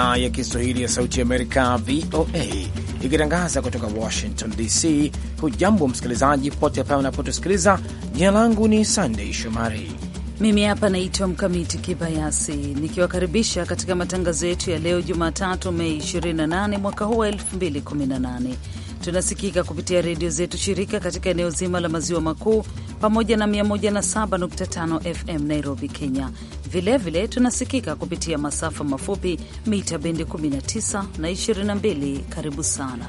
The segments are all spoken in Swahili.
idhaa ya Kiswahili ya Sauti Amerika, VOA, ikitangaza kutoka Washington DC. Hujambo msikilizaji popote pale unapotusikiliza. Jina langu ni Sandei Shomari, mimi hapa naitwa Mkamiti Kibayasi nikiwakaribisha katika matangazo yetu ya leo Jumatatu, Mei 28 mwaka huu wa 2018. Tunasikika kupitia redio zetu shirika katika eneo zima la maziwa makuu pamoja na 107.5 FM Nairobi, Kenya, Vilevile vile, tunasikika kupitia masafa mafupi mita bendi 19 na 22. Karibu sana.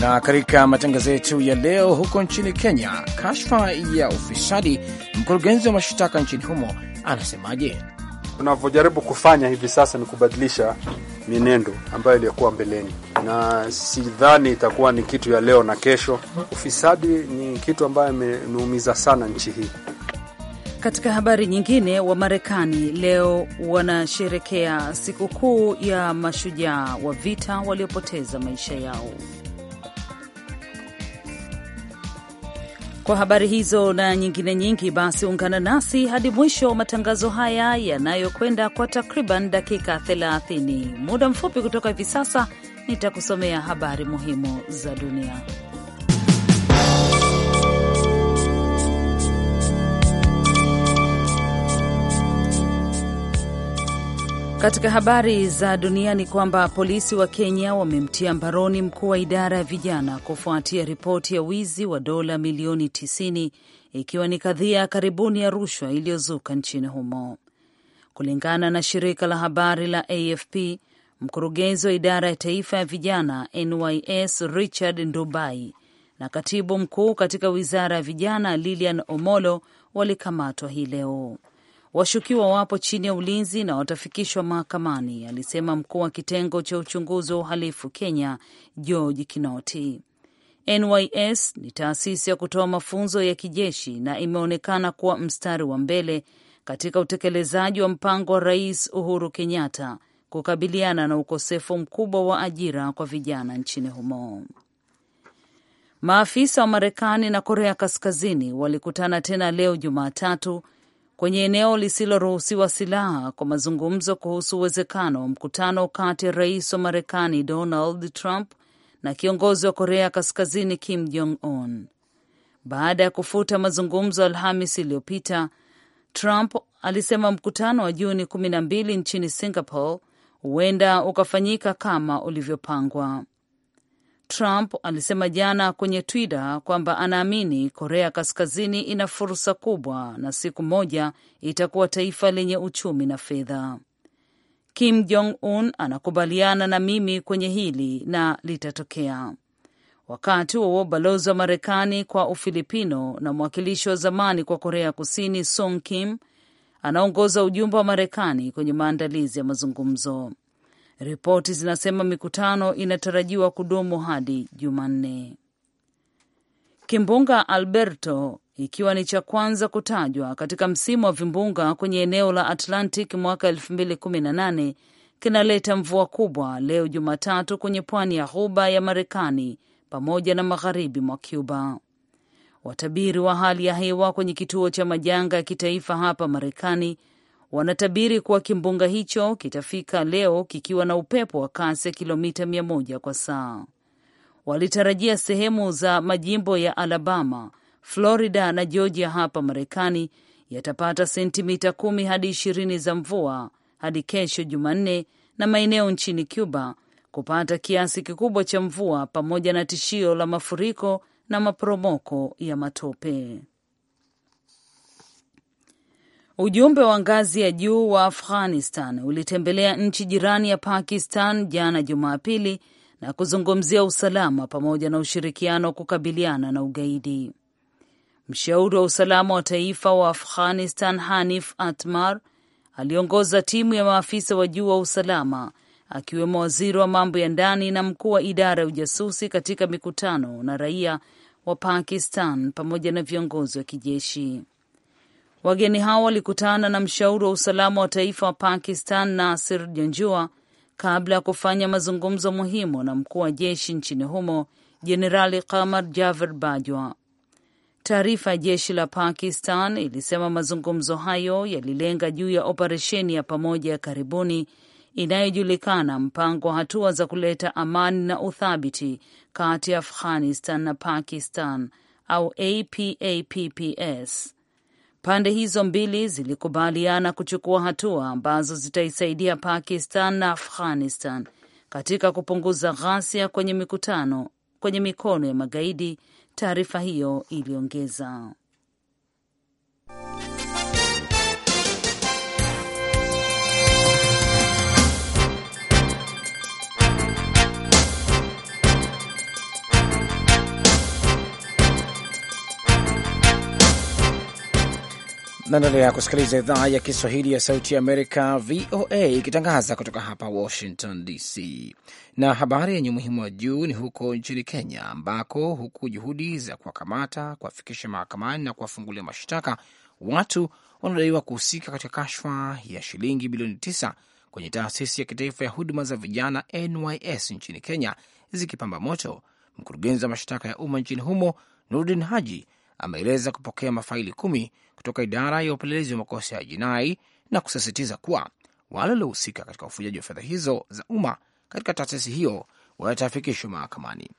Na katika matangazo yetu ya leo, huko nchini Kenya, kashfa ya ufisadi, mkurugenzi wa mashtaka nchini humo anasemaje? Tunavyojaribu kufanya hivi sasa ni kubadilisha mienendo ambayo iliyokuwa mbeleni na sidhani itakuwa ni kitu ya leo na kesho. Ufisadi ni kitu ambayo imeumiza sana nchi hii. Katika habari nyingine, Wamarekani leo wanasherekea sikukuu ya mashujaa wa vita waliopoteza maisha yao. Kwa habari hizo na nyingine nyingi, basi ungana nasi hadi mwisho wa matangazo haya yanayokwenda kwa takriban dakika 30 muda mfupi kutoka hivi sasa nitakusomea habari muhimu za dunia. Katika habari za dunia ni kwamba polisi wa Kenya wamemtia mbaroni mkuu wa idara ya vijana kufuatia ripoti ya wizi wa dola milioni 90 ikiwa ni kadhia ya karibuni ya rushwa iliyozuka nchini humo. Kulingana na shirika la habari la AFP, mkurugenzi wa idara ya taifa ya vijana NYS Richard Ndubai na katibu mkuu katika wizara ya vijana Lilian Omolo walikamatwa hii leo. Washukiwa wapo chini ya ulinzi na watafikishwa mahakamani, alisema mkuu wa kitengo cha uchunguzi wa uhalifu Kenya, George Kinoti. NYS ni taasisi ya kutoa mafunzo ya kijeshi na imeonekana kuwa mstari wa mbele katika utekelezaji wa mpango wa Rais Uhuru Kenyatta kukabiliana na ukosefu mkubwa wa ajira kwa vijana nchini humo. Maafisa wa Marekani na Korea Kaskazini walikutana tena leo Jumatatu kwenye eneo lisiloruhusiwa silaha kwa mazungumzo kuhusu uwezekano wa mkutano kati ya rais wa Marekani Donald Trump na kiongozi wa Korea Kaskazini Kim Jong Un. Baada ya kufuta mazungumzo Alhamis iliyopita, Trump alisema mkutano wa Juni kumi na mbili nchini Singapore huenda ukafanyika kama ulivyopangwa. Trump alisema jana kwenye Twitter kwamba anaamini Korea Kaskazini ina fursa kubwa na siku moja itakuwa taifa lenye uchumi na fedha. Kim Jong Un anakubaliana na mimi kwenye hili na litatokea. Wakati huo balozi wa Marekani kwa Ufilipino na mwakilishi wa zamani kwa Korea Kusini Song Kim anaongoza ujumbe wa Marekani kwenye maandalizi ya mazungumzo. Ripoti zinasema mikutano inatarajiwa kudumu hadi Jumanne. Kimbunga Alberto ikiwa ni cha kwanza kutajwa katika msimu wa vimbunga kwenye eneo la Atlantic mwaka 2018 kinaleta mvua kubwa leo Jumatatu kwenye pwani ya ghuba ya Marekani pamoja na magharibi mwa Cuba. Watabiri wa hali ya hewa kwenye kituo cha majanga ya kitaifa hapa Marekani wanatabiri kuwa kimbunga hicho kitafika leo kikiwa na upepo wa kasi ya kilomita mia moja kwa saa. Walitarajia sehemu za majimbo ya Alabama, Florida na Georgia hapa Marekani yatapata sentimita kumi hadi ishirini za mvua hadi kesho Jumanne, na maeneo nchini Cuba kupata kiasi kikubwa cha mvua pamoja na tishio la mafuriko na maporomoko ya matope. Ujumbe wa ngazi ya juu wa Afghanistan ulitembelea nchi jirani ya Pakistan jana Jumapili na kuzungumzia usalama pamoja na ushirikiano wa kukabiliana na ugaidi. Mshauri wa usalama wa taifa wa Afghanistan Hanif Atmar aliongoza timu ya maafisa wa juu wa usalama akiwemo waziri wa mambo ya ndani na mkuu wa idara ya ujasusi katika mikutano na raia wa Pakistan pamoja na viongozi wa kijeshi. Wageni hao walikutana na mshauri wa usalama wa taifa wa Pakistan Nasir Janjua kabla ya kufanya mazungumzo muhimu na mkuu wa jeshi nchini humo Jenerali kamar Javed Bajwa. Taarifa ya jeshi la Pakistan ilisema mazungumzo hayo yalilenga juu ya operesheni ya pamoja ya karibuni inayojulikana mpango wa hatua za kuleta amani na uthabiti kati ya Afghanistan na Pakistan au APAPPS. Pande hizo mbili zilikubaliana kuchukua hatua ambazo zitaisaidia Pakistan na Afghanistan katika kupunguza ghasia kwenye mikutano kwenye mikono ya magaidi, taarifa hiyo iliongeza. Naendelea kusikiliza idhaa ya Kiswahili ya Sauti ya Amerika, VOA, ikitangaza kutoka hapa Washington DC. Na habari yenye umuhimu wa juu ni huko nchini Kenya, ambako huku juhudi za kuwakamata, kuwafikisha mahakamani na kuwafungulia mashtaka watu wanaodaiwa kuhusika katika kashfa ya shilingi bilioni tisa kwenye taasisi ya kitaifa ya huduma za vijana NYS nchini Kenya zikipamba moto, mkurugenzi wa mashtaka ya umma nchini humo Nurdin Haji ameeleza kupokea mafaili kumi kutoka idara ya upelelezi wa makosa ya jinai na kusisitiza kuwa wale waliohusika katika ufujaji wa fedha hizo za umma katika taasisi hiyo watafikishwa mahakamani.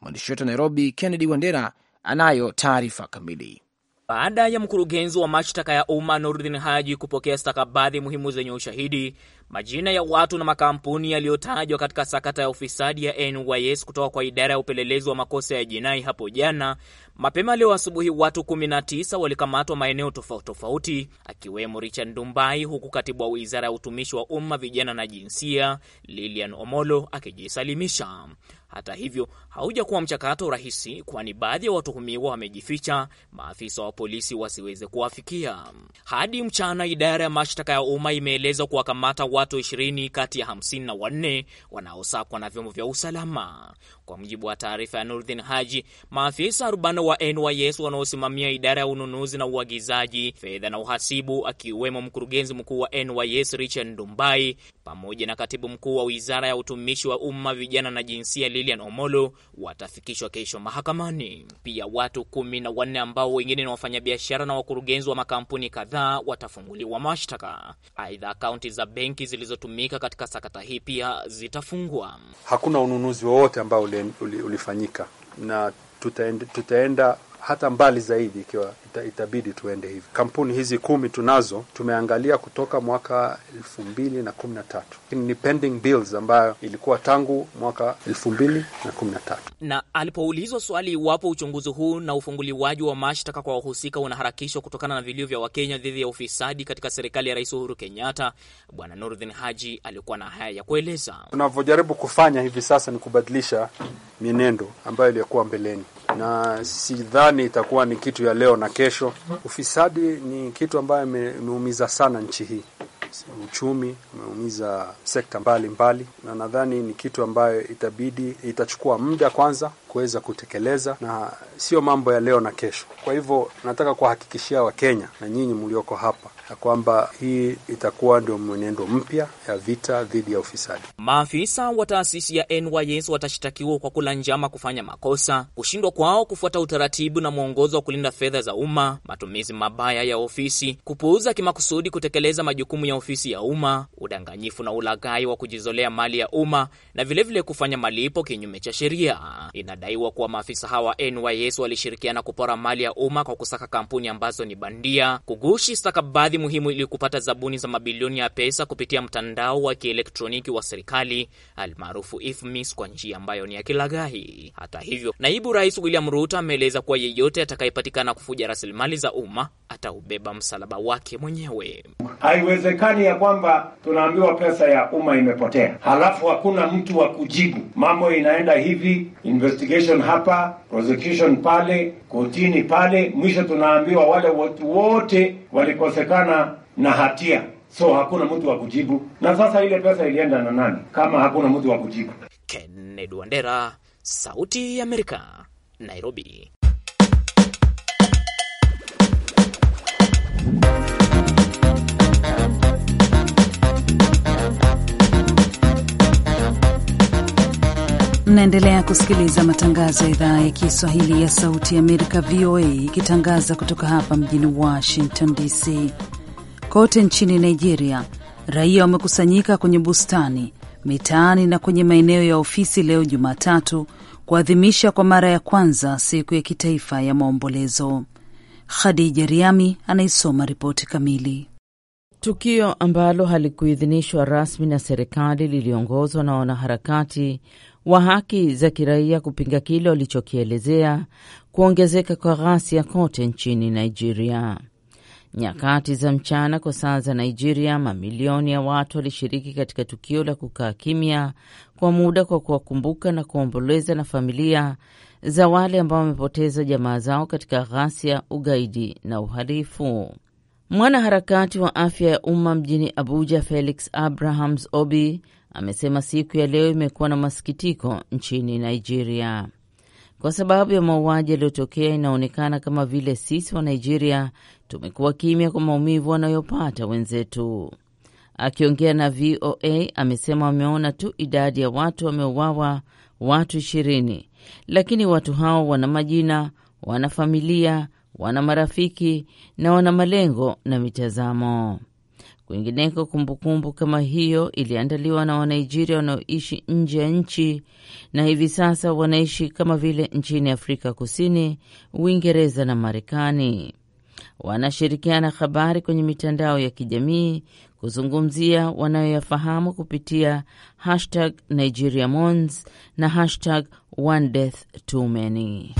Mwandishi wetu wa Nairobi, Kennedy Wandera, anayo taarifa kamili. Baada ya mkurugenzi wa mashtaka ya umma Nurdin Haji kupokea stakabadhi muhimu zenye ushahidi Majina ya watu na makampuni yaliyotajwa katika sakata ya ufisadi ya NYS kutoka kwa idara ya upelelezi wa makosa ya jinai hapo jana. Mapema leo asubuhi, watu 19 walikamatwa maeneo tofauti tofauti, akiwemo Richard Ndumbai, huku katibu wa wizara ya utumishi wa umma, vijana na jinsia Lilian Omolo akijisalimisha. Hata hivyo haujakuwa mchakato rahisi, kwani baadhi ya watuhumiwa wamejificha, maafisa wa polisi wasiweze kuwafikia. Hadi mchana, idara ya mashtaka ya umma imeeleza kuwakamata watu 20 kati ya 54 wanaosakwa na vyombo vya usalama. Kwa mujibu wa taarifa ya Nurdin Haji, maafisa 40 wa NYS wanaosimamia idara ya ununuzi na uagizaji, fedha na uhasibu, akiwemo mkurugenzi mkuu wa NYS Richard Ndumbai pamoja na katibu mkuu wa wizara ya utumishi wa umma, vijana na jinsia Lilian Omolo watafikishwa kesho mahakamani. Pia watu kumi na wanne ambao wengine ni wafanyabiashara na wakurugenzi wa makampuni kadhaa watafunguliwa mashtaka. Aidha, akaunti za benki zilizotumika katika sakata hii pia zitafungwa. Hakuna ununuzi wowote ambao ulifanyika na tutaenda, tutaenda hata mbali zaidi ikiwa ita, itabidi tuende hivi. Kampuni hizi kumi tunazo, tumeangalia kutoka mwaka elfu mbili na kumi na tatu ni pending bills ambayo ilikuwa tangu mwaka elfu mbili na kumi na tatu. Na alipoulizwa swali iwapo uchunguzi huu na ufunguliwaji wa mashtaka kwa wahusika unaharakishwa kutokana na vilio vya Wakenya dhidi ya ufisadi katika serikali ya Rais Uhuru Kenyatta, Bwana Noordin Haji alikuwa na haya ya kueleza. Tunavyojaribu kufanya hivi sasa ni kubadilisha mienendo ambayo iliyokuwa mbeleni na sidhani itakuwa ni kitu ya leo na kesho. Ufisadi ni kitu ambayo imeumiza sana nchi hii, uchumi umeumiza sekta mbalimbali mbali, na nadhani ni kitu ambayo itabidi itachukua muda kwanza kuweza kutekeleza, na sio mambo ya leo na kesho. Kwa hivyo nataka kuwahakikishia Wakenya na nyinyi mlioko hapa ya kwamba hii itakuwa ndio mwenendo mpya ya vita dhidi ya ufisadi. Maafisa wa taasisi ya NYS watashitakiwa kwa kula njama, kufanya makosa, kushindwa kwao kufuata utaratibu na mwongozo wa kulinda fedha za umma, matumizi mabaya ya ofisi, kupuuza kimakusudi kutekeleza majukumu ya ofisi ya umma, udanganyifu na ulaghai wa kujizolea mali ya umma, na vilevile vile kufanya malipo kinyume cha sheria. Inadaiwa kuwa maafisa hawa NYS walishirikiana kupora mali ya umma kwa kusaka kampuni ambazo ni bandia, kugushi stakabadhi Ahadi muhimu ili kupata zabuni za mabilioni ya pesa kupitia mtandao wa kielektroniki wa serikali almaarufu IFMIS kwa njia ambayo ni ya kilaghai. Hata hivyo, naibu rais William Ruto ameeleza kuwa yeyote atakayepatikana kufuja rasilimali za umma ataubeba msalaba wake mwenyewe. Haiwezekani ya kwamba tunaambiwa pesa ya umma imepotea, halafu hakuna mtu wa kujibu. Mambo inaenda hivi, investigation hapa, prosecution pale, kotini pale, mwisho tunaambiwa wale watu wote walikosekana kupatikana na hatia, so hakuna mtu wa kujibu. Na sasa ile pesa ilienda na nani kama hakuna mtu wa kujibu? Kennedy Wandera, Sauti ya Amerika, Nairobi. Mnaendelea kusikiliza matangazo ya idhaa ya Kiswahili ya Sauti ya Amerika, VOA, ikitangaza kutoka hapa mjini Washington DC. Kote nchini Nigeria, raia wamekusanyika kwenye bustani, mitaani na kwenye maeneo ya ofisi leo Jumatatu kuadhimisha kwa mara ya kwanza siku ya kitaifa ya maombolezo. Khadija Riami anaisoma ripoti kamili. Tukio ambalo halikuidhinishwa rasmi na serikali liliongozwa na wanaharakati wa haki za kiraia kupinga kile walichokielezea kuongezeka kwa ghasia kote nchini Nigeria nyakati za mchana kwa saa za Nigeria, mamilioni ya watu walishiriki katika tukio la kukaa kimya kwa muda kwa kuwakumbuka na kuomboleza na familia za wale ambao wamepoteza jamaa zao katika ghasia, ugaidi na uhalifu. Mwanaharakati wa afya ya umma mjini Abuja, Felix Abrahams Obi, amesema siku ya leo imekuwa na masikitiko nchini Nigeria kwa sababu ya mauaji yaliyotokea. Inaonekana kama vile sisi wa Nigeria tumekuwa kimya kwa maumivu wanayopata wenzetu. Akiongea na VOA amesema wameona tu idadi ya watu wameuawa, watu ishirini, lakini watu hao wana majina, wana familia, wana marafiki na wana malengo na mitazamo. Kwingineko, kumbukumbu kama hiyo iliandaliwa na Wanigeria wanaoishi nje ya nchi na hivi sasa wanaishi kama vile nchini Afrika Kusini, Uingereza na Marekani. Wanashirikiana habari kwenye mitandao ya kijamii kuzungumzia wanayoyafahamu kupitia hashtag Nigeria Mons na hashtag One Death Too Many.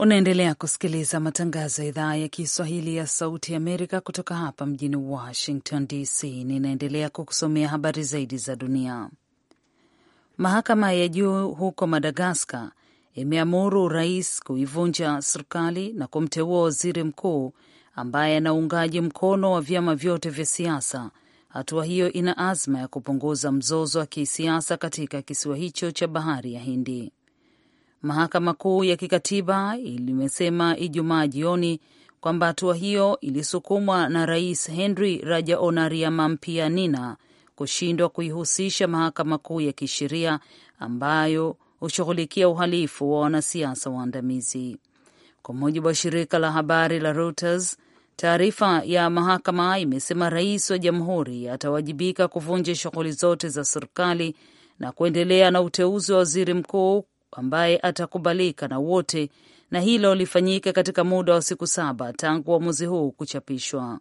Unaendelea kusikiliza matangazo ya idhaa ya Kiswahili ya Sauti Amerika kutoka hapa mjini Washington DC. Ninaendelea kukusomea habari zaidi za dunia. Mahakama ya juu huko Madagaskar imeamuru rais kuivunja serikali na kumteua waziri mkuu ambaye ana uungaji mkono wa vyama vyote vya siasa. Hatua hiyo ina azma ya kupunguza mzozo wa kisiasa katika kisiwa hicho cha bahari ya Hindi. Mahakama Kuu ya Kikatiba ilimesema Ijumaa jioni kwamba hatua hiyo ilisukumwa na Rais Henry Rajaonariamampianina kushindwa kuihusisha Mahakama Kuu ya Kisheria ambayo hushughulikia uhalifu wa wanasiasa waandamizi. Kwa mujibu wa shirika la habari la Reuters, taarifa ya mahakama imesema rais wa jamhuri atawajibika kuvunja shughuli zote za serikali na kuendelea na uteuzi wa waziri mkuu ambaye atakubalika na wote, na hilo lifanyike katika muda wa siku saba tangu uamuzi huu kuchapishwa.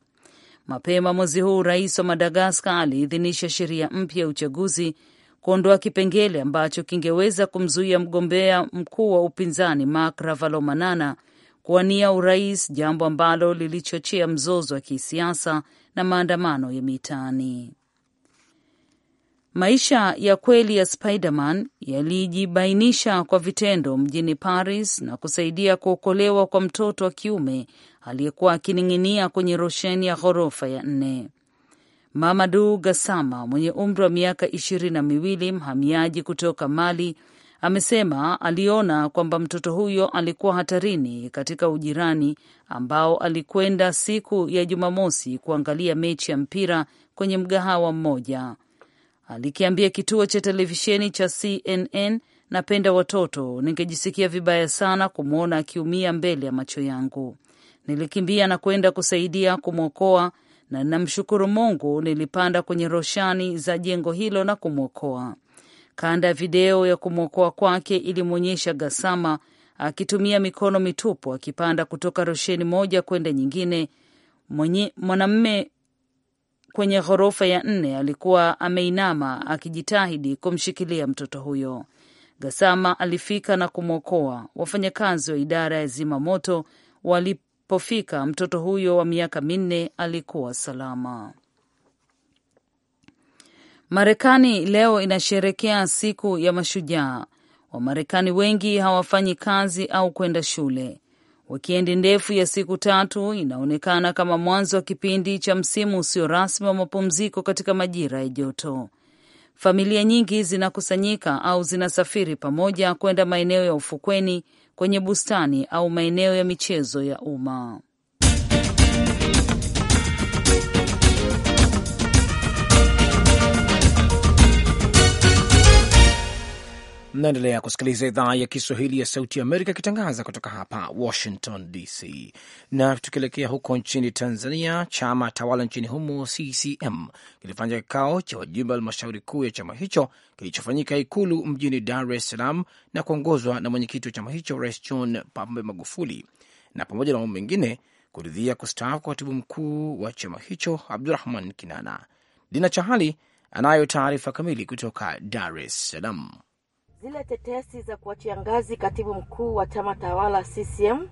Mapema mwezi huu, rais wa Madagaskar aliidhinisha sheria mpya ya uchaguzi kuondoa kipengele ambacho kingeweza kumzuia mgombea mkuu wa upinzani Marc Ravalomanana kuwania urais, jambo ambalo lilichochea mzozo wa kisiasa na maandamano ya mitaani. Maisha ya kweli ya Spiderman yalijibainisha kwa vitendo mjini Paris na kusaidia kuokolewa kwa mtoto wa kiume aliyekuwa akining'inia kwenye rosheni ya ghorofa ya nne. Mamadu Gassama mwenye umri wa miaka ishirini na miwili, mhamiaji kutoka Mali, amesema aliona kwamba mtoto huyo alikuwa hatarini katika ujirani ambao alikwenda siku ya Jumamosi kuangalia mechi ya mpira kwenye mgahawa mmoja alikiambia kituo cha televisheni cha CNN, napenda watoto, ningejisikia vibaya sana kumwona akiumia mbele ya macho yangu. Nilikimbia na kwenda kusaidia kumwokoa, na namshukuru Mungu nilipanda kwenye roshani za jengo hilo na kumwokoa. Kanda ya video ya kumwokoa kwake ilimwonyesha Gasama akitumia mikono mitupu akipanda kutoka rosheni moja kwenda nyingine. Mwanamume kwenye ghorofa ya nne alikuwa ameinama akijitahidi kumshikilia mtoto huyo. Gasama alifika na kumwokoa. Wafanyakazi wa idara ya zimamoto walipofika, mtoto huyo wa miaka minne alikuwa salama. Marekani leo inasherekea siku ya mashujaa. Wamarekani wengi hawafanyi kazi au kwenda shule. Wikendi ndefu ya siku tatu inaonekana kama mwanzo wa kipindi cha msimu usio rasmi wa mapumziko katika majira ya joto. Familia nyingi zinakusanyika au zinasafiri pamoja kwenda maeneo ya ufukweni, kwenye bustani au maeneo ya michezo ya umma. Mnaendelea kusikiliza idhaa ya Kiswahili ya Sauti ya Amerika ikitangaza kutoka hapa Washington DC. Na tukielekea huko nchini Tanzania, chama tawala nchini humo CCM kilifanya kikao cha wajumbe halmashauri kuu ya chama hicho kilichofanyika Ikulu mjini Dar es Salaam na kuongozwa na mwenyekiti wa chama hicho Rais John Pombe Magufuli, na pamoja na mambo mengine kuridhia kustaafu kwa katibu mkuu wa chama hicho Abdurahman Kinana. Dina Chahali anayo taarifa kamili kutoka Dar es Salaam. Zile tetesi za kuachia ngazi katibu mkuu wa chama tawala CCM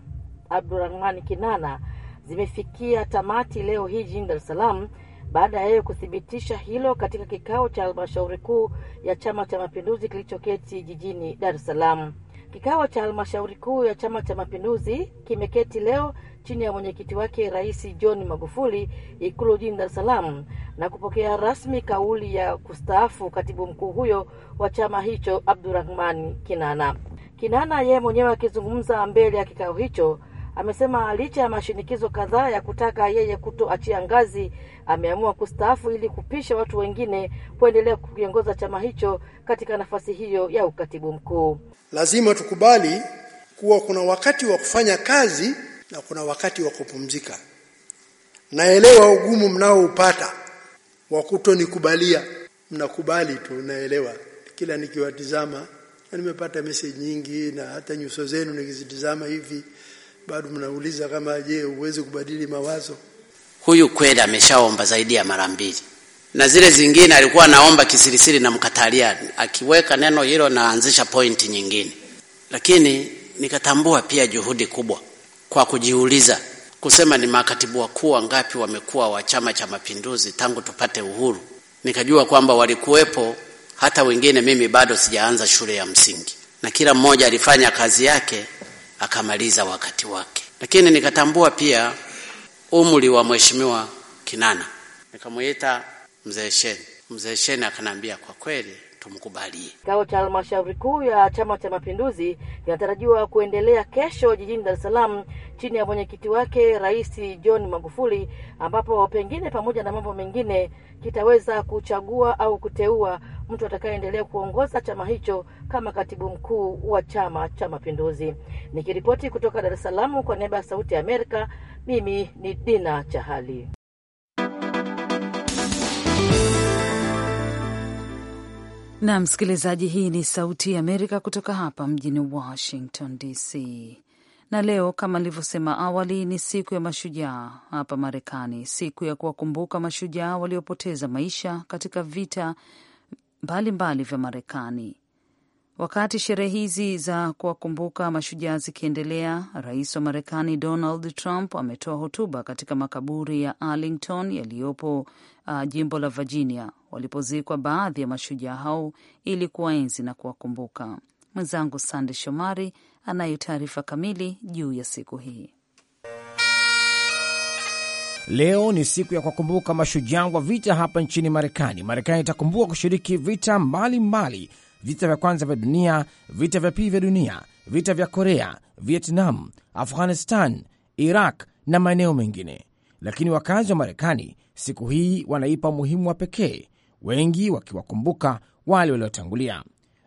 Abdurahmani Kinana zimefikia tamati leo hii jijini Dar es Salaam baada ya yeye kuthibitisha hilo katika kikao cha halmashauri kuu ya Chama cha Mapinduzi kilichoketi jijini Dar es Salaam. Kikao cha halmashauri kuu ya Chama cha Mapinduzi kimeketi leo chini ya mwenyekiti wake Rais John Magufuli Ikulu jijini Dar es Salaam na kupokea rasmi kauli ya kustaafu katibu mkuu huyo wa chama hicho Abdurahman Kinana. Kinana yeye mwenyewe akizungumza mbele ya kikao hicho amesema licha ya mashinikizo kadhaa ya kutaka yeye kutoachia ngazi, ameamua kustaafu ili kupisha watu wengine kuendelea kukiongoza chama hicho katika nafasi hiyo ya ukatibu mkuu. Lazima tukubali kuwa kuna wakati wa kufanya kazi na kuna wakati wa kupumzika naelewa ugumu upata wa kutonikubalia mnakubali tu naelewa kila nikiwatizama na nimepata message nyingi na hata nyuso zenu nikizitizama hivi bado mnauliza kama je uweze kubadili mawazo huyu kweli ameshaomba zaidi ya mara mbili na zile zingine alikuwa anaomba kisirisiri na mkatalia akiweka neno hilo naanzisha pointi nyingine lakini nikatambua pia juhudi kubwa kwa kujiuliza kusema ni makatibu wakuu wangapi wamekuwa wa Chama cha Mapinduzi tangu tupate uhuru. Nikajua kwamba walikuwepo hata wengine mimi bado sijaanza shule ya msingi, na kila mmoja alifanya kazi yake akamaliza wakati wake. Lakini nikatambua pia umri wa mheshimiwa Kinana, nikamwita mzee Sheni. Mzee Sheni akanambia kwa kweli tumkubalie. Kikao cha halmashauri kuu ya Chama cha Mapinduzi kinatarajiwa kuendelea kesho jijini Dar es Salaam chini ya mwenyekiti wake Rais John Magufuli, ambapo pengine pamoja na mambo mengine kitaweza kuchagua au kuteua mtu atakayeendelea kuongoza chama hicho kama katibu mkuu wa Chama cha Mapinduzi. Nikiripoti kutoka Dar es Salaam kwa niaba ya Sauti ya Amerika, mimi ni Dina Chahali. Na msikilizaji, hii ni Sauti ya Amerika kutoka hapa mjini Washington DC na leo kama nilivyosema awali ni siku ya mashujaa hapa Marekani, siku ya kuwakumbuka mashujaa waliopoteza maisha katika vita mbalimbali vya Marekani. Wakati sherehe hizi za kuwakumbuka mashujaa zikiendelea, rais wa Marekani Donald Trump ametoa hotuba katika makaburi ya Arlington yaliyopo uh, jimbo la Virginia, walipozikwa baadhi ya mashujaa hao ili kuwaenzi na kuwakumbuka. Mwenzangu Sande Shomari anayo taarifa kamili juu ya siku hii. Leo ni siku ya kuwakumbuka mashujaa wa vita hapa nchini Marekani. Marekani itakumbuka kushiriki vita mbalimbali mbali, vita vya kwanza vya dunia, vita vya pili vya dunia, vita vya Korea, Vietnam, Afghanistan, Iraq na maeneo mengine. Lakini wakazi wa Marekani siku hii wanaipa umuhimu wa pekee, wengi wakiwakumbuka wale waliotangulia.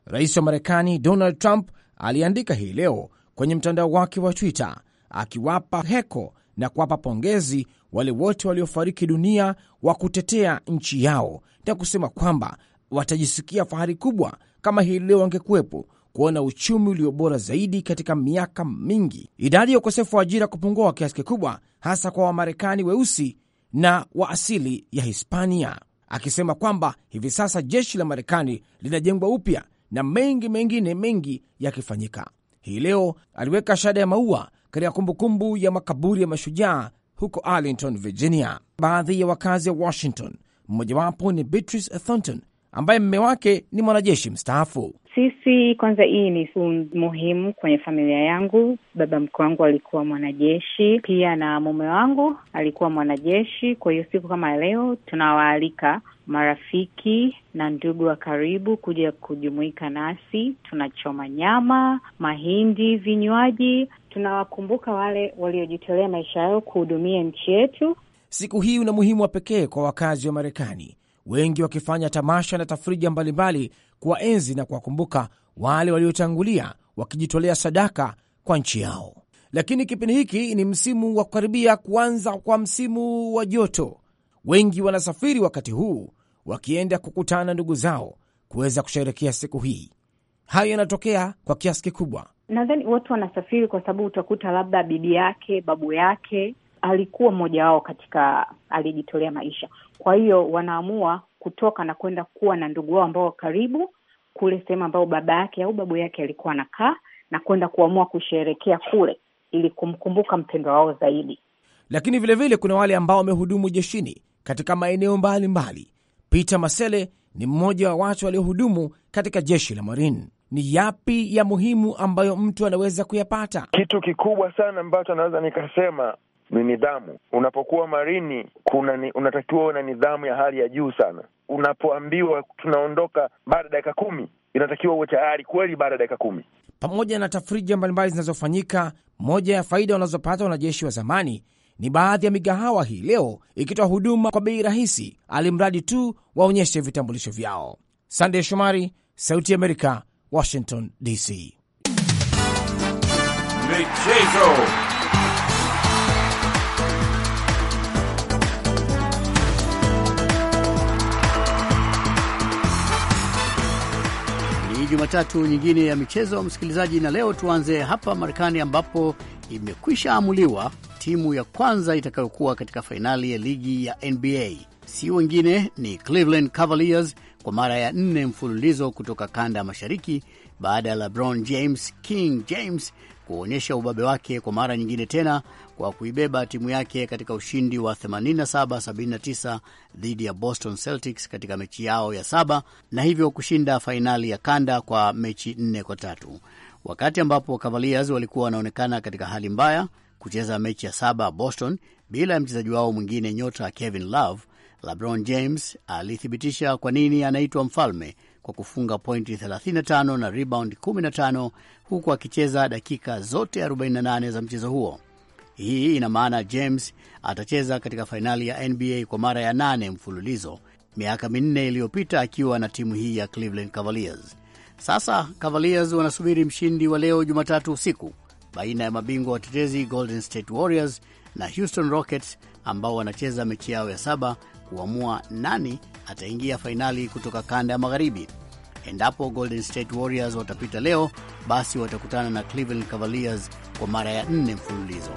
Rais wa Marekani Donald Trump aliandika hii leo kwenye mtandao wake wa Twitter akiwapa heko na kuwapa pongezi wale wote waliofariki dunia wa kutetea nchi yao na kusema kwamba watajisikia fahari kubwa kama hii leo wangekuwepo kuona uchumi ulio bora zaidi katika miaka mingi, idadi ya ukosefu wa ajira kupungua kwa kiasi kikubwa, hasa kwa Wamarekani weusi na wa asili ya Hispania, akisema kwamba hivi sasa jeshi la Marekani linajengwa upya na mengi mengine mengi yakifanyika. Hii leo aliweka shada ya maua katika kumbukumbu ya makaburi ya mashujaa huko Arlington, Virginia. Baadhi ya wakazi wa Washington, mmojawapo ni Beatrice Thornton ambaye mme wake ni mwanajeshi mstaafu sisi kwanza, hii ni muhimu kwenye familia yangu. Baba mkwe wangu alikuwa mwanajeshi pia, na mume wangu alikuwa mwanajeshi. Kwa hiyo siku kama leo tunawaalika marafiki na ndugu wa karibu kuja kujumuika nasi. Tunachoma nyama, mahindi, vinywaji. Tunawakumbuka wale waliojitolea maisha yao kuhudumia nchi yetu. Siku hii una muhimu wa pekee kwa wakazi wa Marekani wengi wakifanya tamasha na tafrija mbalimbali kuwaenzi na kuwakumbuka wale waliotangulia, wakijitolea sadaka kwa nchi yao. Lakini kipindi hiki ni msimu wa kukaribia kuanza kwa msimu wa joto. Wengi wanasafiri wakati huu wakienda kukutana ndugu zao kuweza kusherekea siku hii. Hayo yanatokea kwa kiasi kikubwa. Nadhani watu wanasafiri kwa sababu utakuta labda bibi yake, babu yake alikuwa mmoja wao katika aliyejitolea maisha. Kwa hiyo wanaamua kutoka na kwenda kuwa na ndugu wao ambao karibu kule sehemu ambao baba yake au babu yake alikuwa anakaa na kwenda kuamua kusherekea kule ili kumkumbuka mpendwa wao zaidi. Lakini vilevile vile kuna wale ambao wamehudumu jeshini katika maeneo mbalimbali. Peter Masele ni mmoja wa watu waliohudumu katika jeshi la marin Ni yapi ya muhimu ambayo mtu anaweza kuyapata? Kitu kikubwa sana ambacho anaweza nikasema ni nidhamu. Unapokuwa marini kuna ni, unatakiwa uwe na nidhamu ya hali ya juu sana. Unapoambiwa tunaondoka baada ya dakika kumi, inatakiwa uwe tayari kweli baada ya dakika kumi. Pamoja na tafrija mbalimbali zinazofanyika, moja ya faida wanazopata wanajeshi wa zamani ni baadhi ya migahawa hii leo ikitoa huduma kwa bei rahisi, alimradi tu waonyeshe vitambulisho vyao. Sandey Shomari, Sauti ya Amerika, Washington DC. Michezo. Jumatatu nyingine ya michezo, msikilizaji, na leo tuanze hapa Marekani ambapo imekwisha amuliwa timu ya kwanza itakayokuwa katika fainali ya ligi ya NBA si wengine ni Cleveland Cavaliers kwa mara ya nne mfululizo kutoka kanda ya mashariki baada ya LeBron James, King James kuonyesha ubabe wake kwa mara nyingine tena kwa kuibeba timu yake katika ushindi wa 87-79 dhidi ya Boston Celtics katika mechi yao ya saba na hivyo kushinda fainali ya kanda kwa mechi nne kwa tatu. Wakati ambapo Cavaliers walikuwa wanaonekana katika hali mbaya kucheza mechi ya saba Boston bila ya mchezaji wao mwingine nyota Kevin Love, LeBron James alithibitisha kwa nini anaitwa mfalme kwa kufunga pointi 35 na rebound 15 huku akicheza dakika zote 48 za mchezo huo. Hii ina maana James atacheza katika fainali ya NBA kwa mara ya nane mfululizo, miaka minne iliyopita akiwa na timu hii ya Cleveland Cavaliers. Sasa Cavaliers wanasubiri mshindi wa leo Jumatatu usiku baina ya mabingwa watetezi Golden State Warriors na Houston Rockets ambao wanacheza mechi yao ya saba kuamua nani ataingia fainali kutoka kanda ya magharibi. Endapo Golden State Warriors watapita leo, basi watakutana na Cleveland Cavaliers kwa mara ya nne mfululizo.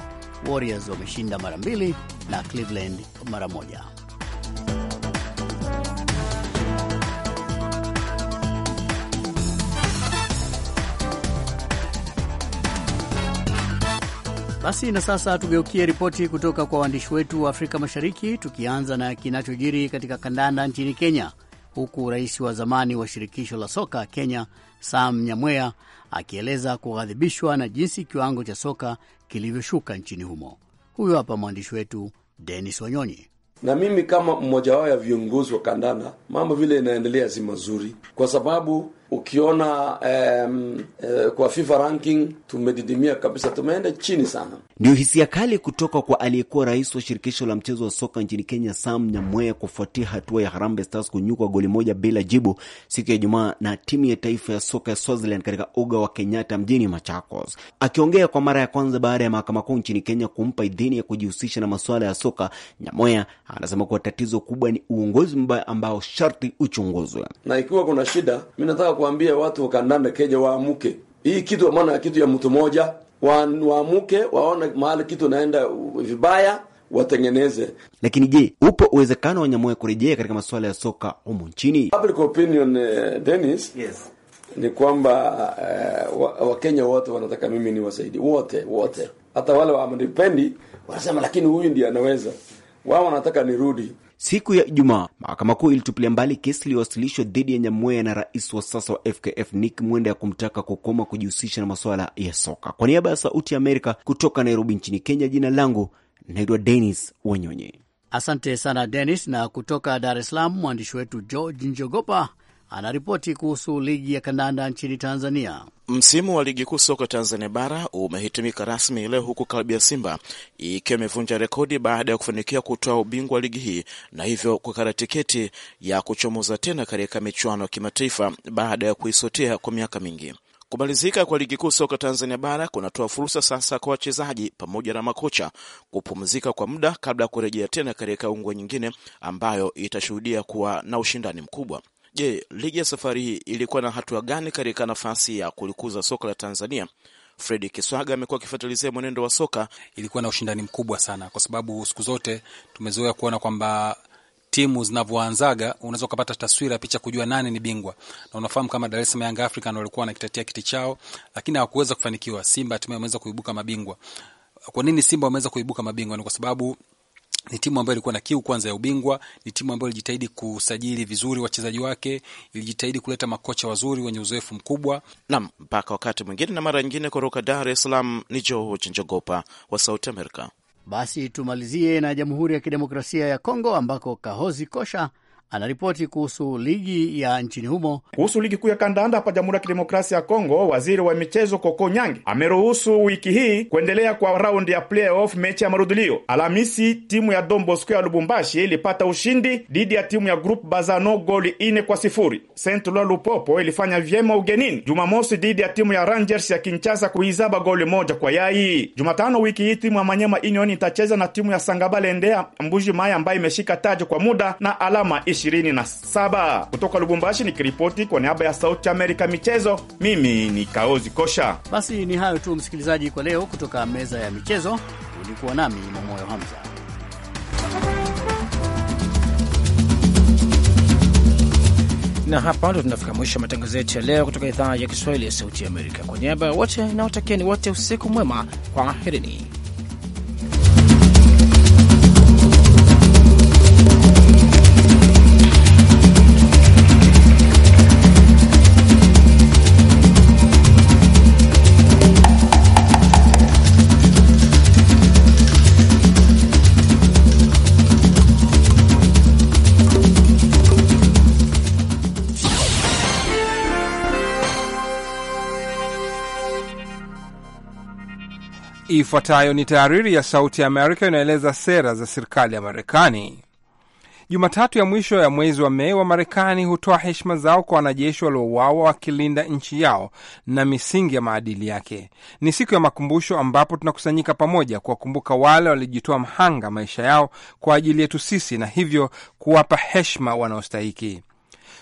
Warriors wameshinda mara mbili na Cleveland mara moja. Basi na sasa tugeukie ripoti kutoka kwa waandishi wetu wa Afrika Mashariki, tukianza na kinachojiri katika kandanda nchini Kenya, huku rais wa zamani wa shirikisho la soka Kenya Sam Nyamweya akieleza kughadhibishwa na jinsi kiwango cha soka kilivyoshuka nchini humo. Huyo hapa mwandishi wetu Denis Wanyonyi. Na mimi kama mmoja wao ya viongozi wa kandanda, mambo vile inaendelea si mazuri, kwa sababu ukiona um, uh, kwa FIFA ranking tumedidimia kabisa, tumeenda chini sana. Ndio hisia kali kutoka kwa aliyekuwa rais wa shirikisho la mchezo wa soka nchini Kenya Sam Nyamweya kufuatia hatua ya Harambee Stars kunyukwa goli moja bila jibu siku ya Ijumaa na timu ya taifa ya soka ya Swaziland katika uga wa Kenyatta mjini Machakos. Akiongea kwa mara ya kwanza baada ya mahakama kuu nchini Kenya kumpa idhini ya kujihusisha na masuala ya soka, Nyamweya anasema kuwa tatizo kubwa ni uongozi mbaya ambao sharti uchunguzwe, na ikiwa kuna shida mimi nataka kuambia watu wakandanda Kenya waamuke. Hii kitu maana kitu ya mtu mmoja, waamuke, waone mahali kitu naenda vibaya watengeneze. Lakini je, upo uwezekano wa Nyamoya kurejea katika masuala ya soka humu nchini? Public opinion, eh, Dennis, yes, ni kwamba uh, eh, Wakenya wa wote wanataka mimi wasaidi wote wote, hata wale wamnipendi wanasema, lakini huyu ndiye anaweza. Wao wanataka nirudi Siku ya Ijumaa, mahakama kuu ilitupilia mbali kesi iliyowasilishwa dhidi ya Nyamweya na rais wa sasa wa FKF Nick Mwenda ya kumtaka kukoma kujihusisha na masuala ya soka. Kwa niaba ya Sauti ya Amerika kutoka Nairobi nchini Kenya, jina langu naitwa Denis Wanyonye. Asante sana Denis, na kutoka Dar es Salaam mwandishi wetu George Njogopa anaripoti kuhusu ligi ya kandanda nchini Tanzania. Msimu wa ligi kuu soka Tanzania bara umehitimika rasmi leo, huku klabu ya Simba ikiwa imevunja rekodi baada ya kufanikiwa kutoa ubingwa wa ligi hii na hivyo kukata tiketi ya kuchomoza tena katika michuano ya kimataifa baada ya kuisotea kwa miaka mingi. Kumalizika kwa ligi kuu soka Tanzania bara kunatoa fursa sasa kwa wachezaji pamoja na makocha kupumzika kwa muda kabla ya kurejea tena katika ungwe nyingine ambayo itashuhudia kuwa na ushindani mkubwa. Je, ligi ya safari hii ilikuwa na hatua gani katika nafasi ya kulikuza soka la Tanzania? Fredi Kiswaga amekuwa akifuatilizia mwenendo wa soka. Ilikuwa na ushindani mkubwa sana, kwa sababu siku zote tumezoea kuona kwamba timu zinavyoanzaga unaweza ukapata taswira picha kujua nani ni bingwa, na unafahamu kama Dar es Salaam Young African walikuwa wanakitetea kiti chao, lakini hawakuweza kufanikiwa. Simba hatimaye wameweza kuibuka mabingwa. Kwa nini Simba wameweza kuibuka mabingwa? Ni kwa sababu ni timu ambayo ilikuwa na kiu kwanza ya ubingwa. Ni timu ambayo ilijitahidi kusajili vizuri wachezaji wake, ilijitahidi kuleta makocha wazuri wenye uzoefu mkubwa. Nam, mpaka wakati mwingine na mara nyingine. Kutoka Dar es Salaam ni George Njogopa wa Sauti Amerika. Basi tumalizie na Jamhuri ya Kidemokrasia ya Kongo ambako Kahozi Kosha anaripoti kuhusu ligi ya nchini humo. Kuhusu ligi kuu ya kandanda hapa Jamhuri ya Kidemokrasia ya Kongo, waziri wa michezo Koko Nyange ameruhusu wiki hii kuendelea kwa raundi ya playoff mechi ya marudhulio Alhamisi timu ya Don Bosco ya Lubumbashi ilipata ushindi dhidi ya timu ya Grup Bazano goli ine kwa sifuri. Saint Eloi Lupopo ilifanya vyema ugenini Jumamosi dhidi ya timu ya Rangers ya Kinshasa kuizaba goli moja kwa yai. Jumatano wiki hii timu ya Manyema Union itacheza na timu ya sangabalendea Ndea Mbuji Maya ambayo imeshika taji kwa muda na alama ishi. 27 kutoka Lubumbashi. Nikiripoti kwa niaba ya Sauti Amerika michezo, mimi ni Kaozi Kosha. Basi ni hayo tu msikilizaji kwa leo kutoka meza ya michezo. Ulikuwa nami Momoyo Hamza. na hapa ndo tunafika mwisho wa matangazo yetu ya leo kutoka idhaa ya Kiswahili ya Sauti ya Amerika. Kwa niaba ya wote ni wote usiku mwema, kwa kwaherini. Ifuatayo ni tahariri ya Sauti ya Amerika inaeleza sera za serikali ya Marekani. Jumatatu ya mwisho ya mwezi wa Mei wa Marekani hutoa heshima zao kwa wanajeshi waliouawa wakilinda nchi yao na misingi ya maadili yake. Ni siku ya makumbusho ambapo tunakusanyika pamoja kuwakumbuka wale walijitoa mhanga maisha yao kwa ajili yetu sisi, na hivyo kuwapa heshima wanaostahiki.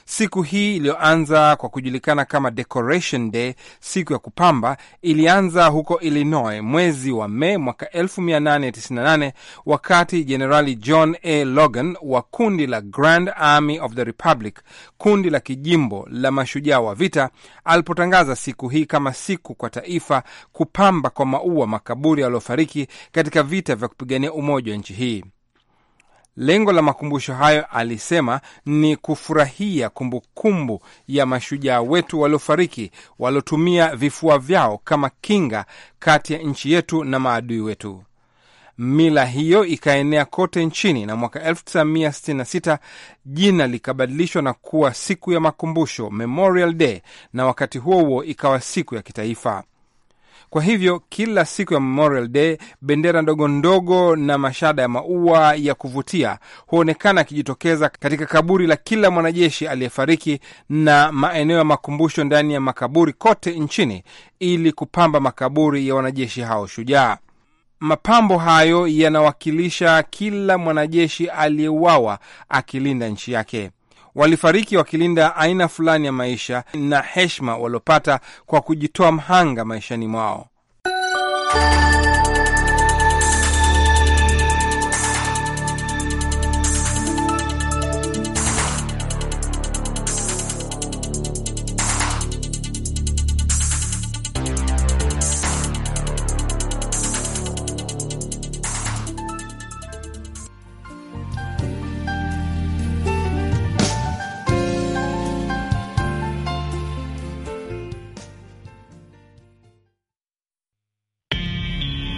Siku hii iliyoanza kwa kujulikana kama Decoration Day, siku ya kupamba, ilianza huko Illinois mwezi wa Mei mwaka 1898 wakati Jenerali John A. Logan wa kundi la Grand Army of the Republic, kundi la kijimbo la mashujaa wa vita, alipotangaza siku hii kama siku kwa taifa kupamba kwa maua makaburi yaliyofariki katika vita vya kupigania umoja wa nchi hii. Lengo la makumbusho hayo, alisema, ni kufurahia kumbukumbu kumbu ya mashujaa wetu waliofariki, waliotumia vifua vyao kama kinga kati ya nchi yetu na maadui wetu. Mila hiyo ikaenea kote nchini na mwaka 1966 jina likabadilishwa na kuwa siku ya makumbusho, Memorial Day, na wakati huo huo ikawa siku ya kitaifa. Kwa hivyo kila siku ya Memorial Day, bendera ndogo ndogo na mashada ya maua ya kuvutia huonekana akijitokeza katika kaburi la kila mwanajeshi aliyefariki na maeneo ya makumbusho ndani ya makaburi kote nchini ili kupamba makaburi ya wanajeshi hao shujaa. Mapambo hayo yanawakilisha kila mwanajeshi aliyeuawa akilinda nchi yake walifariki wakilinda aina fulani ya maisha na heshima waliopata kwa kujitoa mhanga maishani mwao.